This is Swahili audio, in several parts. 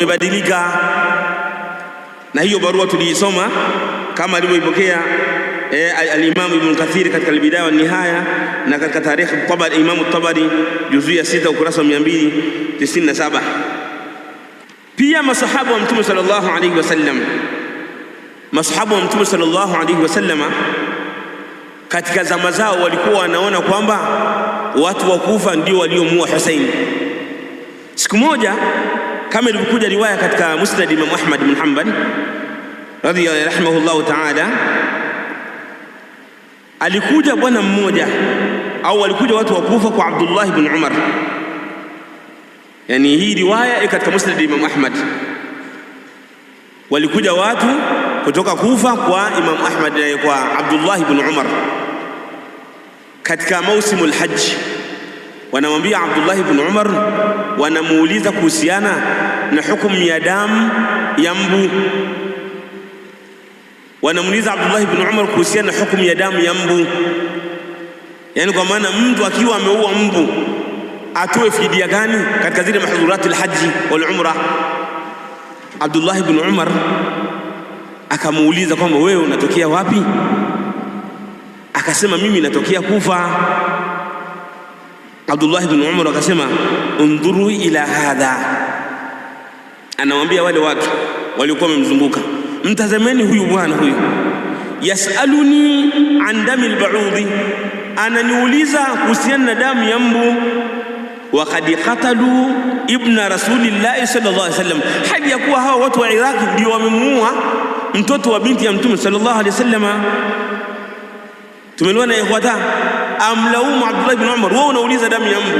Imebadilika na hiyo barua tuliisoma kama alivyoipokea e, eh, alimamu Ibn Kathir katika Albidaya wa Nihaya na katika tarikh Tabari, Imamu Tabari juzuu ya sita ukurasa wa 297. Pia masahaba wa Mtume sallallahu alayhi wasallam, masahabu wa Mtume sallallahu alayhi wasallam katika zama zao walikuwa wanaona kwamba watu wa Kufa ndio waliomuua Husaini. Siku moja kama ilivyokuja riwaya katika Musnad Imam Ahmad bin Hanbal rahimahullahu taala, alikuja bwana mmoja au walikuja watu wa Kufa kwa Abdullah bin Umar. Yani hii riwaya iko katika Musnad Imam Ahmad, walikuja watu kutoka Kufa kwa Imam Ahmad eh, kwa Abdullah bin Umar katika mausimu lhaji wanamwambia Abdullah ibn Umar, wanamuuliza kuhusiana na hukumu ya damu ya mbu. Wanamuuliza Abdullah ibn Umar kuhusiana na hukumu ya damu ya mbu, yaani kwa maana mtu akiwa ameua mbu atoe fidia gani katika zile mahdhuratil alhaji wal umra. Abdullah ibn Umar akamuuliza kwamba wewe unatokea wapi? Akasema mimi natokea Kufa. Abdullah ibn Umar akasema, undhuru ila hadha, anawambia wale watu waliokuwa wamemzunguka, mtazameni huyu bwana huyu, yasaluni an dami lbaudhi, ananiuliza kuhusiana na damu ya mbu wakad qatalu ibna rasulillahi sallallahu alaihi wasallam, hadi ya kuwa hawa watu wa Iraq ndio wamemuua mtoto wa binti ya Mtume sallallahu alaihi wasallam. na ikhwata amlaumu Abdullah bin Umar, wewe unauliza damu ya mbu,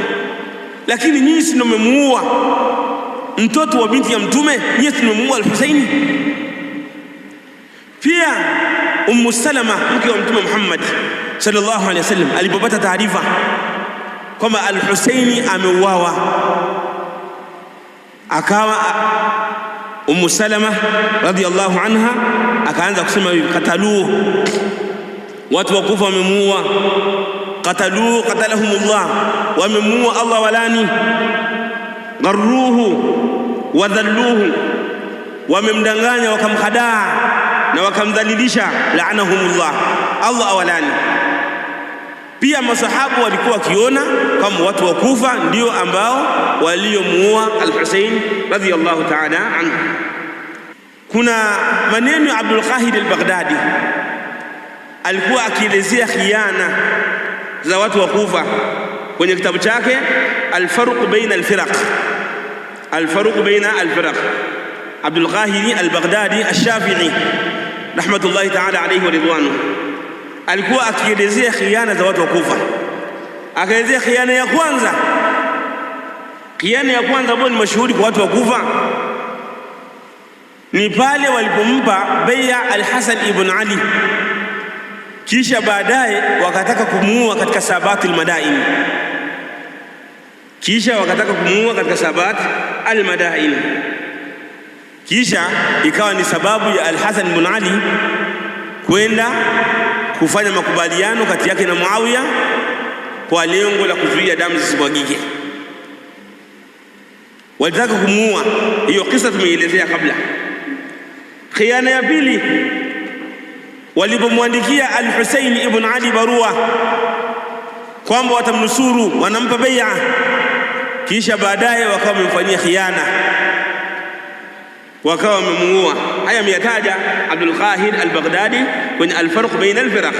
lakini nyinyi si ndio mmemuua mtoto wa binti ya Mtume? Nyinyi si ndio mmemuua al-Husaini? Pia Ummu Salama mke wa Mtume Muhammad sallallahu alaihi wasallam alipopata taarifa kwamba al-Husaini ameuawa, akawa Ummu Salama radhiyallahu anha akaanza kusema, kataluu, watu wa Kufa wamemuua qataluhu qatalahumullah, wamemuua Allah walani. Gharruhu wadhalluhu, wamemdanganya wakamhadaa na wakamdhalilisha. Laanahumullah, Allah awalani. Pia masahabu walikuwa wakiona kama watu wa Kufa ndio ambao waliomuua al-Husayn radhiyallahu ta'ala anhu. Kuna maneno ya Abdul Qahid al-Baghdadi alikuwa akielezea khiana za watu wa Kufa kwenye kitabu chake Alfarq baina alfiraq, Alfarq baina alfiraq, Abdul Ghahiri al-Baghdadi shafii rahmatullahi ta'ala alayhi wa ridwanu, alikuwa akielezea khiana za watu wa Kufa. Akaelezea khiana ya kwanza, khiana ya kwanza ambayo ni mashuhuri kwa watu wa Kufa ni pale walipompa bai'a al ibn Ali kisha baadaye wakataka kumuua katika sabati almadaini, kisha wakataka kumuua katika sabati almadaini, kisha ikawa ni sababu ya Alhasan bin Ali kwenda kufanya makubaliano kati yake na Muawiya kwa lengo la kuzuia damu zisimwagike. Walitaka kumuua, hiyo kisa tumeielezea kabla. Khiana ya pili walipomwandikia Al-Husayn ibn Ali barua kwamba watamnusuru, wanampa bai'a, kisha baadaye wakawa wamemfanyia khiana, wakawa wamemuua. Haya ameyataja Abdul Qahir Al-Baghdadi kwenye Al-Farq baina al-Firaq.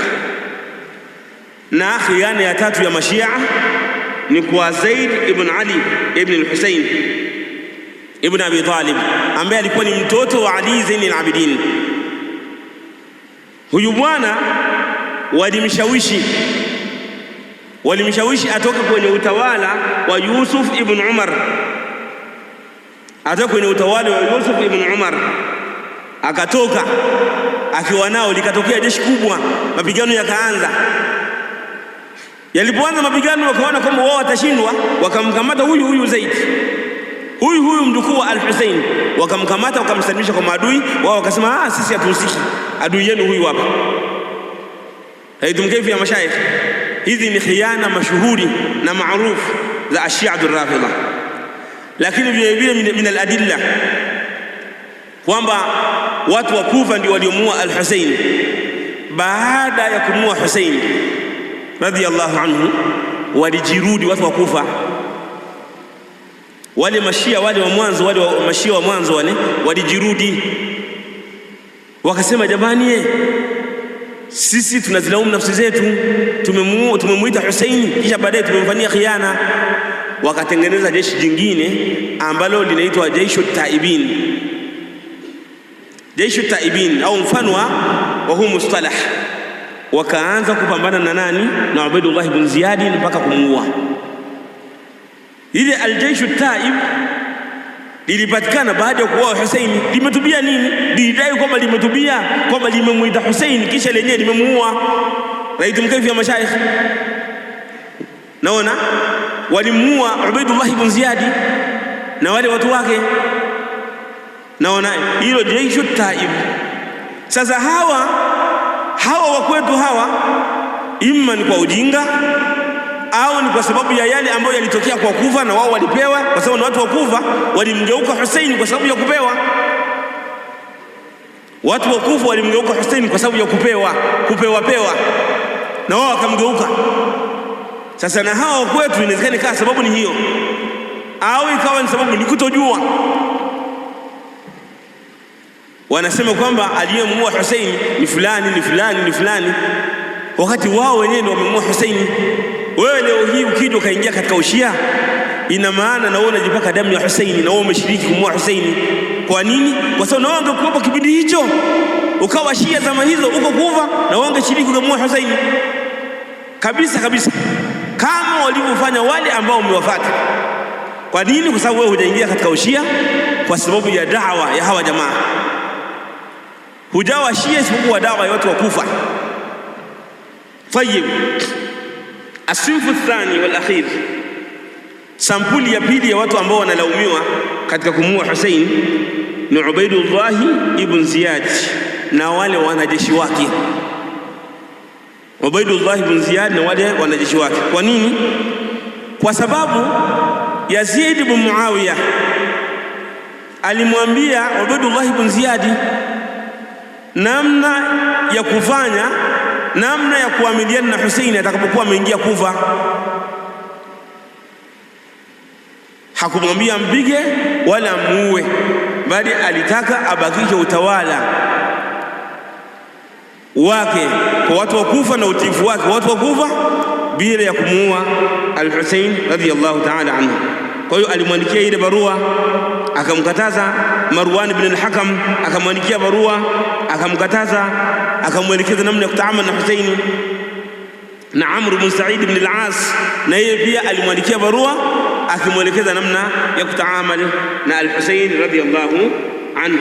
Na khiana ya tatu ya Mashia ni kwa Zaid ibn Ali ibn al-Husayn ibn Abi Talib ambaye alikuwa ni mtoto wa Ali Zain al-Abidin Huyu bwana walimshawishi walimshawishi atoke kwenye utawala wa Yusuf ibn Umar, atoke kwenye utawala wa Yusuf ibn Umar akatoka akiwa nao, likatokea jeshi kubwa, mapigano yakaanza. Yalipoanza mapigano, wakaona kwamba wao watashindwa, wakamkamata huyu huyu zaidi huyu huyu mjukuu wa Al-Hussein wakamkamata wakamsalimisha kwa maadui wao, wakasema ah, sisi hatuhusiki, adui yenu huyu hapa. Haitumkeifi ya mashaikh, hizi ni khiana mashuhuri na maarufu za Ashiatu Rafidha. Lakini vile vile min al-adilla kwamba watu wa Kufa ndio waliomuua Al-Hussein baada ya kumuua Hussein radhiyallahu anhu, walijirudi watu wa Kufa wale mashia wale wa mwanzo wale wa mashia wa mwanzo wale walijirudi, wakasema jamani, ye eh, sisi tunazilaumu nafsi zetu, tumemwita tumemuita Hussein kisha baadaye tumemfanyia khiana. Wakatengeneza jeshi jingine ambalo linaitwa Jaishu Taibin, Jaishu Taibin au mfano wa huu mustalah, wakaanza kupambana na nani? Na Ubaidullah ibn Ziyad mpaka kumuua. Ile aljaishu taib lilipatikana baada ya kuuawa Hussein limetubia nini? Lilidai kwamba limetubia kwamba limemwita Hussein, kisha lenyewe limemuua. Raitum mkaifu ya mashaikh, naona walimuua Ubaidullah ibn Ziyad na wale watu wake, naona hilo jaishu taib. Sasa hawa hawa wakwetu hawa, imma ni kwa ujinga au ni kwa sababu ya yale ambayo yalitokea kwa Kufa, na wao walipewa, kwa sababu ni watu wa Kufa, walimgeuka Hussein kwa sababu ya kupewa. Watu wa Kufa walimgeuka Hussein kwa sababu ya kupewa, kupewa pewa, na wao wakamgeuka. Sasa na hawa kwetu inawezekana ikawa sababu ni hiyo, au ikawa ni sababu ni kutojua. Wanasema kwamba aliyemuua Hussein ni fulani, ni fulani, ni fulani, wakati wao wenyewe ndio wamemuua Hussein wewe leo hii ukija ukaingia katika ushia, ina maana na wewe unajipaka damu ya Husaini na wewe umeshiriki kumua Husaini. Kwa nini? Kwa sababu na wewe ungekuwepo kipindi hicho, ukawa shia zama hizo, uko Kufa, na wewe ungeshiriki kumua Husaini kabisa kabisa, kama walivyofanya wale ambao umewafuata. Kwa nini? Kwa sababu wewe hujaingia katika ushia kwa sababu ya dawa ya hawa jamaa, hujawa shia isipokuwa dawa ya watu wa Kufa. Asifu thani wal akhir, sampuli ya pili ya watu ambao wanalaumiwa katika kumuua Hussein ni Ubaidullah ibn Ziyad na wale wanajeshi wake. Ubaidullah ibn Ziyad na wale wanajeshi wake. Kwa nini? Kwa sababu Yazid ibn Muawiya alimwambia Ubaidullah ibn Ziyad namna ya kufanya namna ya kuamiliana na Huseini atakapokuwa ameingia Kufa. Hakumwambia mpige wala muue, bali alitaka abakishe utawala wake kwa watu wa Kufa na utiifu wake kwa watu wa Kufa bila ya kumuua al-Husein radhiyallahu ta'ala anhu. Kwa hiyo alimwandikia ile barua akamkataza. Marwan bin al-Hakam akamwandikia barua akamkataza akamwelekeza namna ya kutaamali na Husaini na Amr ibn Said ibn al-As, na yeye pia alimwandikia barua akimwelekeza namna ya kutaamal na al-Husayn radhiyallahu anhu.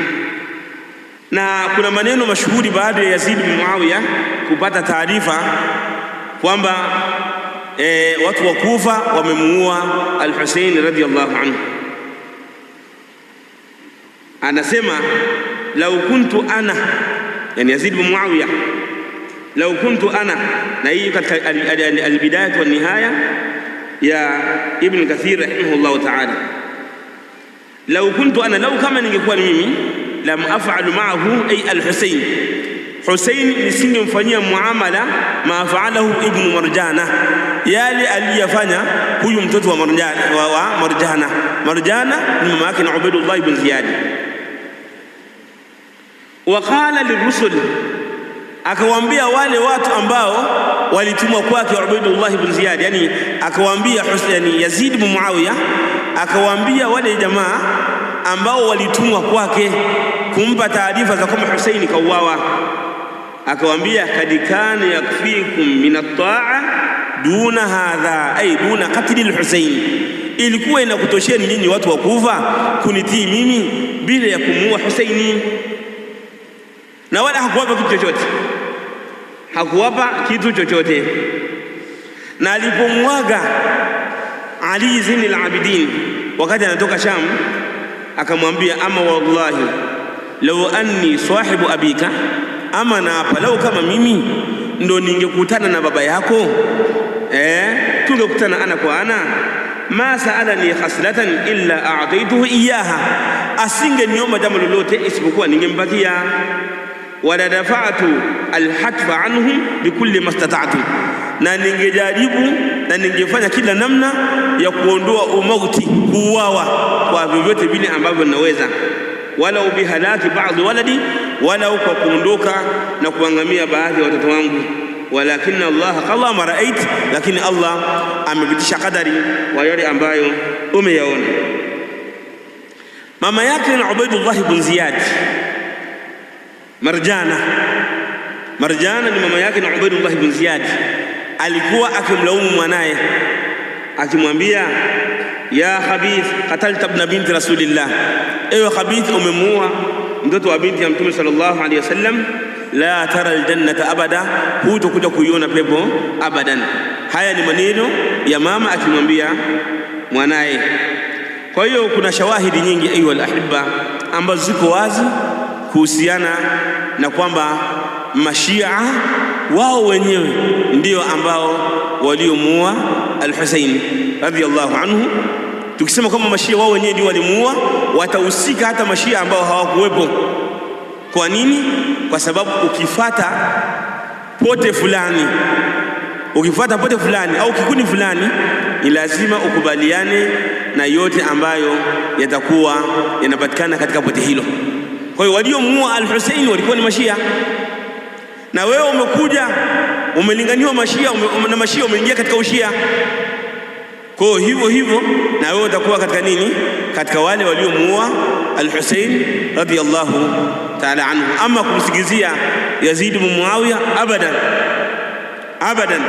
Na kuna maneno mashuhuri baada ya Yazid bin Muawiya kupata taarifa kwamba e, watu wa Kufa wamemuua al-Husayn radhiyallahu anhu, anasema lau kuntu ana يعني يزيد بن معاوية لو كنت أنا نايك البداية والنهاية يا ابن كثير رحمه الله تعالى لو كنت أنا لو كما نجيكوان ميمي لم أفعل معه أي الحسين حسين لسن فنيا معاملة ما فعله ابن مرجانة يا لي ألي فنيا هو يمتت ومرجانة مرجانة مرجانة من ماكن عبد الله بن زياد Waqala lirusul, akawaambia wale watu ambao walitumwa kwake Ubaidullah ibn Ziyad, yani akawaambia Husaini Yazid ibn Muawiya akawaambia wale jamaa ambao walitumwa kwake kumpa taarifa za kwamba Husaini kauawa, akawaambia kad kana yakfikum min at-ta'a duna hadha ay duna qatli al husayn ilikuwa inakutosheni nyinyi watu wakufa kunitii mimi bila ya kumuua Husaini na wala hakuwapa kitu chochote, hakuwapa kitu chochote. Na alipomwaga Ali Zini Labidin wakati anatoka Sham, akamwambia ama wallahi law anni sahibu abika, ama hapa, lau kama mimi ndo ningekutana na baba yako eh, tungekutana ana kwa ana ma saalani khaslatan illa a'taituhu iyaha, asingeniomba jambo lolote isipokuwa ningempatia wala dafa'tu alhatfa anhum bikulli mastata'tu, na ningejaribu na ningefanya kila namna ya kuondoa umauti, kuuawa kwa vyovyote vile ambavyo naweza wala bihalaki baadhi waladi, wala kwa kuondoka na kuangamia baadhi ya watoto wangu Walakin Allah qala ma rait, lakini Allah amepitisha kadari wa yale ambayo umeyaona. Mama yake ni Ubaidullah ibn Ziyad Marjana. Marjana ni mama yake na Ubaidullah ibn Ziyad, alikuwa akimlaumu mwanaye akimwambia, ya Khabith qatalta ibn binti rasulillah, ewe Khabith, umemua mtoto wa binti ya Mtume sallallahu alayhi wasallam. La tara aljannata abada, hutokuja kuiona pepo abadan. Haya ni maneno ya mama akimwambia mwanaye. Kwa hiyo kuna shawahidi nyingi, ayuha alahibba, ambazo ziko wazi kuhusiana na kwamba mashia wao wenyewe ndio ambao waliomuua al hussein radhiyallahu anhu. Tukisema kwamba mashia wao wenyewe ndio walimuua, watahusika hata mashia ambao hawakuwepo. Kwa nini? Kwa sababu ukifata pote fulani, ukifata pote fulani au kikundi fulani, ni lazima ukubaliane na yote ambayo yatakuwa yanapatikana katika pote hilo. Kwa hiyo waliomuua al-Hussein walikuwa ni mashia, na wewe umekuja umelinganiwa mashia ume, na mashia umeingia katika ushia. Kwa hiyo hivyo hivyo na wewe utakuwa katika nini? Katika wale waliomuua al-Hussein radiyallahu ta'ala anhu. Ama kumsigizia Yazid bin Muawiya, abadan abadan.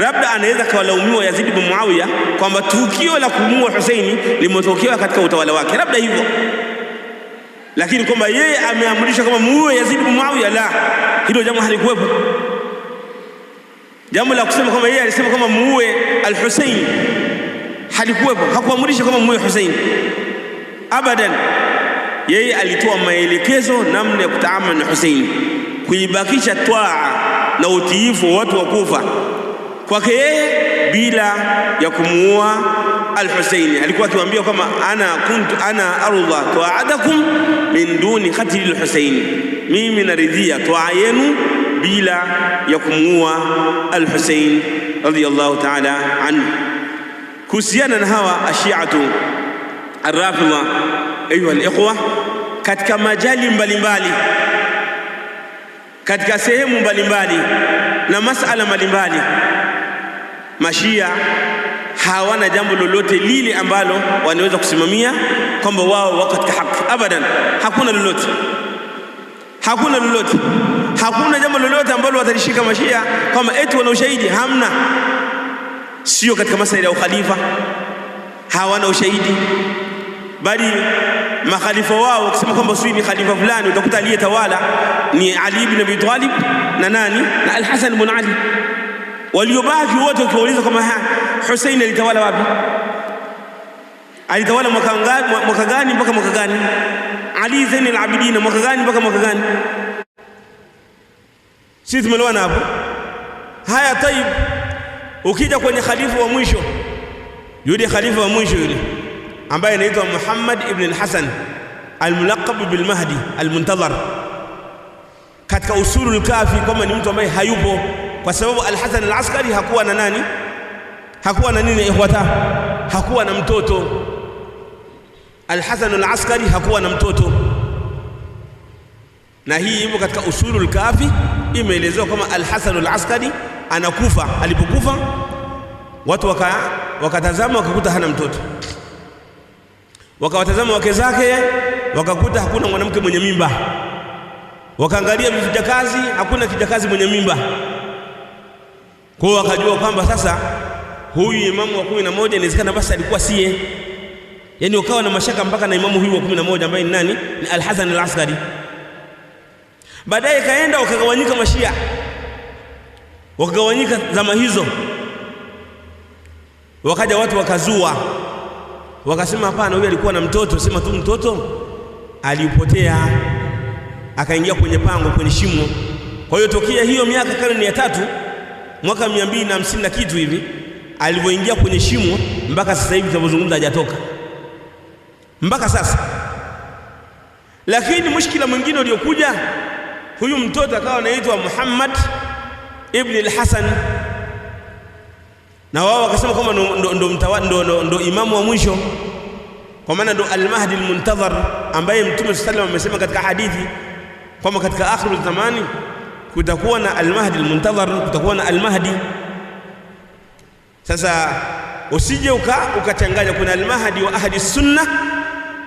Labda anaweza kawalaumiwa Yazid bin Muawiya kwamba tukio la kumuua Husaini limetokea katika utawala wake, labda hivyo lakini kwamba yeye ameamrishwa kama muue Yazid bin Muawiya, la, hilo jambo halikuwepo. Jambo la kusema kwamba yeye alisema kama muue al hussein halikuwepo, hakuamrisha kama muue Hussein abadan. Yeye alitoa maelekezo namna ya kutaamana na Hussein, kuibakisha twaa na utiifu wa watu wa Kufa kwake yeye bila ya kumuua Al-Husaini. Alikuwa akiwaambia kama ana kuntu ana arudha twaadakum min duni qatli al-Husaini, mimi naridhia twaa yenu bila ya kumuua Al-Husaini ta'ala anhu. Kuhusiana na hawa ashiatu Arrafidha, ayuha al katika majali mbalimbali katika sehemu mbalimbali na masala mbalimbali Mashia hawana jambo lolote lile ambalo wanaweza kusimamia kwamba wao wako katika haki, abadan. Hakuna lolote, hakuna lolote, hakuna jambo lolote ambalo watalishika Mashia kwamba eti wana ushahidi. Hamna, sio katika masaili ya ukhalifa, hawana ushahidi, bali makhalifa wao wakisema kwamba sio ni khalifa fulani, utakuta aliyetawala ni Ali ibn Abi Talib na nani na Al-Hasan ibn Ali Waliobaki wote ukiwauliza kwamba Hussein alitawala wapi, alitawala mwaka gani mpaka mwaka gani, Ali Zain al-Abidin mwaka gani mpaka mwaka gani? Sisi tumelewana hapo. Haya, tayib, ukija kwenye khalifa wa mwisho, yule khalifa wa mwisho yule ambaye anaitwa Muhammad ibn al-Hasan al-mulaqab bil Mahdi al-muntazar, katika usulul kafi, kama ni mtu ambaye hayupo kwa sababu Al-Hasan Al-Askari hakuwa na nani? Hakuwa na nini ikhwata? Hakuwa na mtoto. Al-Hasan Al-Askari hakuwa na mtoto, na hii ipo katika Usulul Kafi, imeelezewa kama Al-Hasan Al-Askari anakufa. Alipokufa watu waka wakatazama wakakuta hana mtoto, wakawatazama wake zake wakakuta hakuna mwanamke mwenye mimba, wakaangalia vijakazi, hakuna kijakazi mwenye mimba kwa hiyo wakajua kwamba sasa huyu imamu wa kumi na moja inawezekana basi alikuwa siye, yaani ukawa na mashaka mpaka na imamu huyu wa kumi na moja ambaye ni nani? Ni Al-Hasan Al-Askari. Baadaye kaenda wakagawanyika, mashia wakagawanyika zama hizo, wakaja watu wakazua, wakasema hapana, huyu alikuwa na mtoto, sema tu mtoto aliupotea, akaingia kwenye pango, kwenye shimo. Kwa hiyo tokea hiyo miaka karne ya tatu mwaka mia mbili na hamsini na kitu hivi alivyoingia kwenye shimo, mpaka sasa hivi tunavyozungumza hajatoka mpaka sasa. Lakini mushkila mwingine uliokuja, huyu mtoto akawa anaitwa Muhammad ibn al-Hasan, na wao wakasema kwamba ndo, ndo, ndo, ndo, ndo imamu wa mwisho, kwa maana ndo al-Mahdi al muntazar ambaye Mtume sallallahu alayhi wasallam amesema katika hadithi kwamba katika akhiru zamani kutakuwa na almahdi almuntadhar, kutakuwa na almahdi. Sasa usije ukachanganya, kuna almahdi wa ahli sunna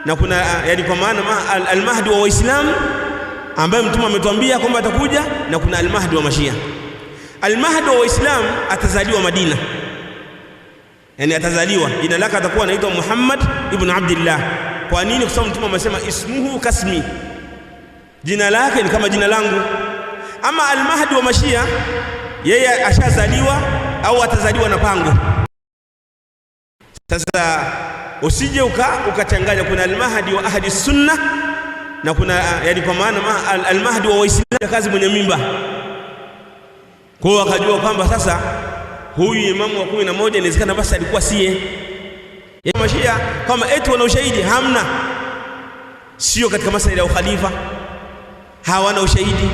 na kuna yani, kwa maana almahdi wa Waislamu ambaye mtume ametuambia kwamba atakuja, na kuna almahdi wa Mashia. Almahdi wa Waislamu atazaliwa Madina, yani atazaliwa, jina lake atakuwa anaitwa Muhammad ibn Abdillah. Kwa nini? Kwa sababu mtume amesema ismuhu kasmi, jina lake ni kama jina langu. Ama almahdi wa mashia yeye ashazaliwa au atazaliwa na pango. Sasa usije ukachanganya, kuna almahdi wa ahli sunna na kuna yani, kwa maana almahdi wa waislamu kazi mwenye mimba. Kwa wakajua kwamba sasa huyu imamu wa kumi na moja inawezekana basi alikuwa siye ya yaani mashia, kama eti wana ushahidi hamna, sio katika masuala ya ukhalifa, hawana ushahidi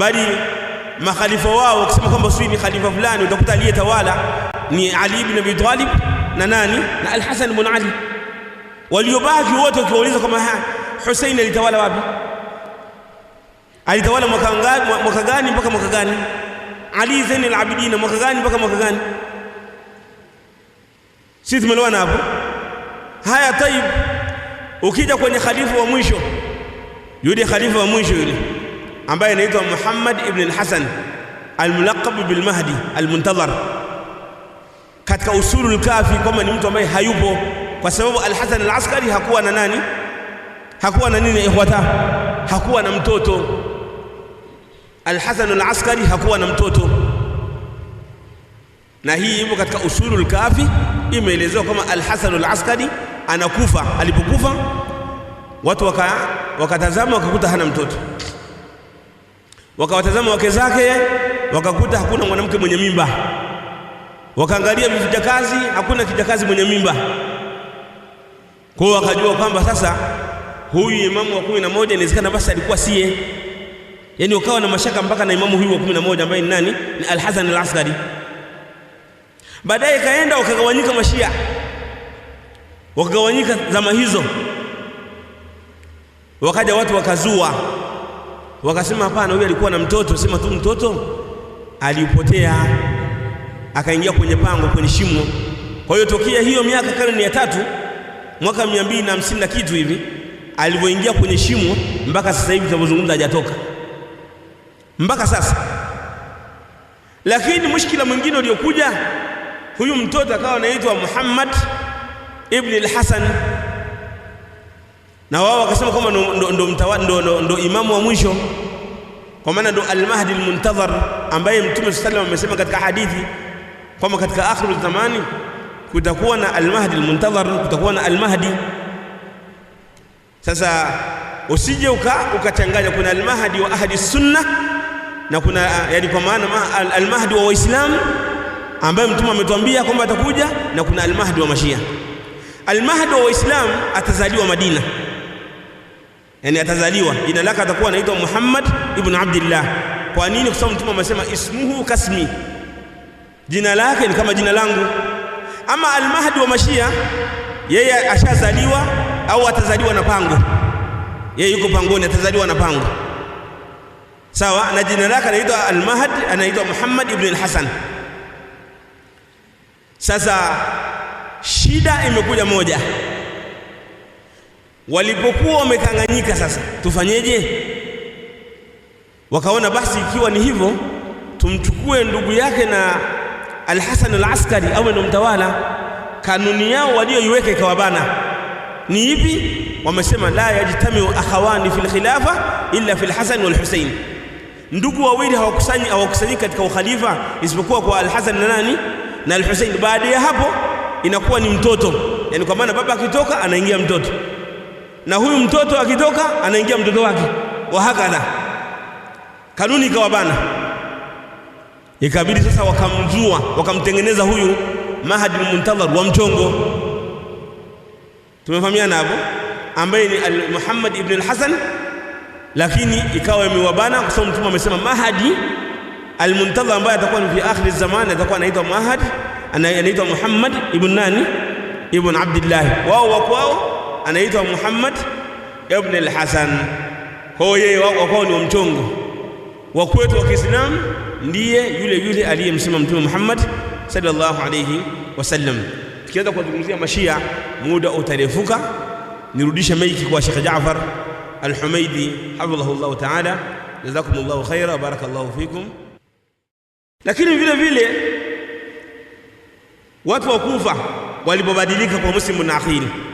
bali makhalifa wao wakisema kwamba sijui ni khalifa fulani, utakuta aliyetawala ni Ali ibn Abi Talib na nani na alhasan hasan ibn Ali. Waliobaki wote wakiwauliza kwamba Hussein alitawala wapi, alitawala mwaka gani mpaka mwaka gani, Ali Zain al-Abidin mwaka gani mpaka mwaka gani? Sisi tumelewana hapo. Haya, tayib, ukija kwenye khalifa wa mwisho, yule khalifa wa mwisho yule ambaye anaitwa Muhammad ibn al-Hasan Mahdi al-muntazar katika usulul kafi kwamba ni mtu ambaye hayupo kwa sababu Alhasan askari hakuwa na nani, hakuwa na nini ikhwata, hakuwa na mtoto. al-Askari hakuwa na mtoto, na hii ipo katika usulul lkafi. Imeelezewa kama Alhasan askari anakufa, alipokufa watu wakatazama waka wakakuta hana mtoto wakawatazama wake zake, wakakuta hakuna mwanamke mwenye mimba, wakaangalia vijakazi, hakuna kijakazi mwenye mimba. Kwa hiyo wakajua kwamba sasa huyu imamu wa kumi na moja inawezekana basi alikuwa siye, yaani wakawa na mashaka mpaka na imamu huyu wa kumi na moja ambaye ni nani? Ni Al-Hasan Al-Askari. Baadaye kaenda wakagawanyika, mashia wakagawanyika zama hizo, wakaja watu wakazua Wakasema hapana, huyu alikuwa na mtoto, sema tu mtoto aliupotea akaingia kwenye pango, kwenye shimo. Kwa hiyo tokea hiyo miaka karne ya tatu mwaka mia mbili na hamsini na kitu hivi alivyoingia kwenye shimo mpaka sasa hivi tunavyozungumza hajatoka mpaka sasa. Lakini mushkila mwingine uliokuja, huyu mtoto akawa anaitwa Muhammad ibn al-Hasan na wao wakasema kwamba ndo, ndo, ndo, ndo, ndo imamu wa mwisho kwa maana ndo almahdi almuntadhar ambaye Mtume salam amesema katika hadithi kwamba katika akhiru zamani kutakuwa na almahdi almuntadhar, kutakuwa na almahdi. Sasa usije ukachanganya, kuna almahdi wa ahli sunna na kuna yani, kwa maana almahdi wa Waislamu ambaye Mtume ametuambia kwamba atakuja, na kuna almahdi wa Mashia. Almahdi wa Waislamu atazaliwa Madina yani atazaliwa jina lake atakuwa anaitwa Muhammad ibn Abdullah. Kwa nini? Kwa sababu Mtume amesema ismuhu kasmi, jina lake ni kama jina langu. Ama almahdi wa mashia, yeye ashazaliwa au atazaliwa na pango, yeye yuko pangoni, atazaliwa na pango sawa, na jina lake anaitwa almahdi, anaitwa Muhammad ibn al-Hasan. Sasa shida imekuja moja Walipokuwa wamekanganyika sasa, tufanyeje? Wakaona basi ikiwa ni hivyo, tumchukue ndugu yake na al Alaskari awe ndo mtawala. Kanuni yao walioiweka ikawabana ni ipi? Wamesema la yajtamiu akhawani fil khilafa illa fil Hasan wal Husain, ndugu wawili hawakusanyi hawakusanyika katika ukhalifa isipokuwa kwa Alhasan na nani na Alhusain. Baada ya hapo inakuwa ni mtoto, yani kwa maana baba akitoka anaingia mtoto na huyu mtoto akitoka anaingia mtoto wake wahakadha. Kanuni ikawabana, ikabidi sasa wakamzua, wakamtengeneza huyu Mahdi Muntadhar wa mchongo. Tumefahamiana hapo, ambaye ni Muhammad ibn al-Hasan, lakini ikawa imewabana kwa sababu Mtume amesema Mahdi al-Muntadhar ambaye atakuwa ni fi akhir zaman, atakuwa anaitwa Mahdi, anaitwa Muhammad ibn nani, ibn Abdullah. Wao wakwao anaitwa Muhammad ibn al-Hasan. Kwa hiyo yeye wakawa ni mchongo wa kwetu wa Kiislamu, ndiye yule yule aliyemsema Mtume Muhammad sallallahu alayhi wasallam. Tukianza kuwazungumzia mashia, muda utarefuka. Nirudishe maiki kwa Sheikh Jaafar al-Humaidi hafidhahullahu ta'ala, jazakumullahu khaira, barakallahu fikum. Lakini vile vile watu wa Kufa walipobadilika kwa muslimu bin Aqil